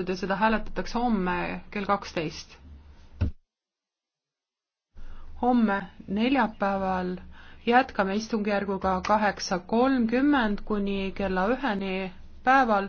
ja seda hääletatakse homme kell kaksteist. homme, neljapäeval jätkame istungjärguga kaheksa kolmkümmend kuni kella üheni päeval.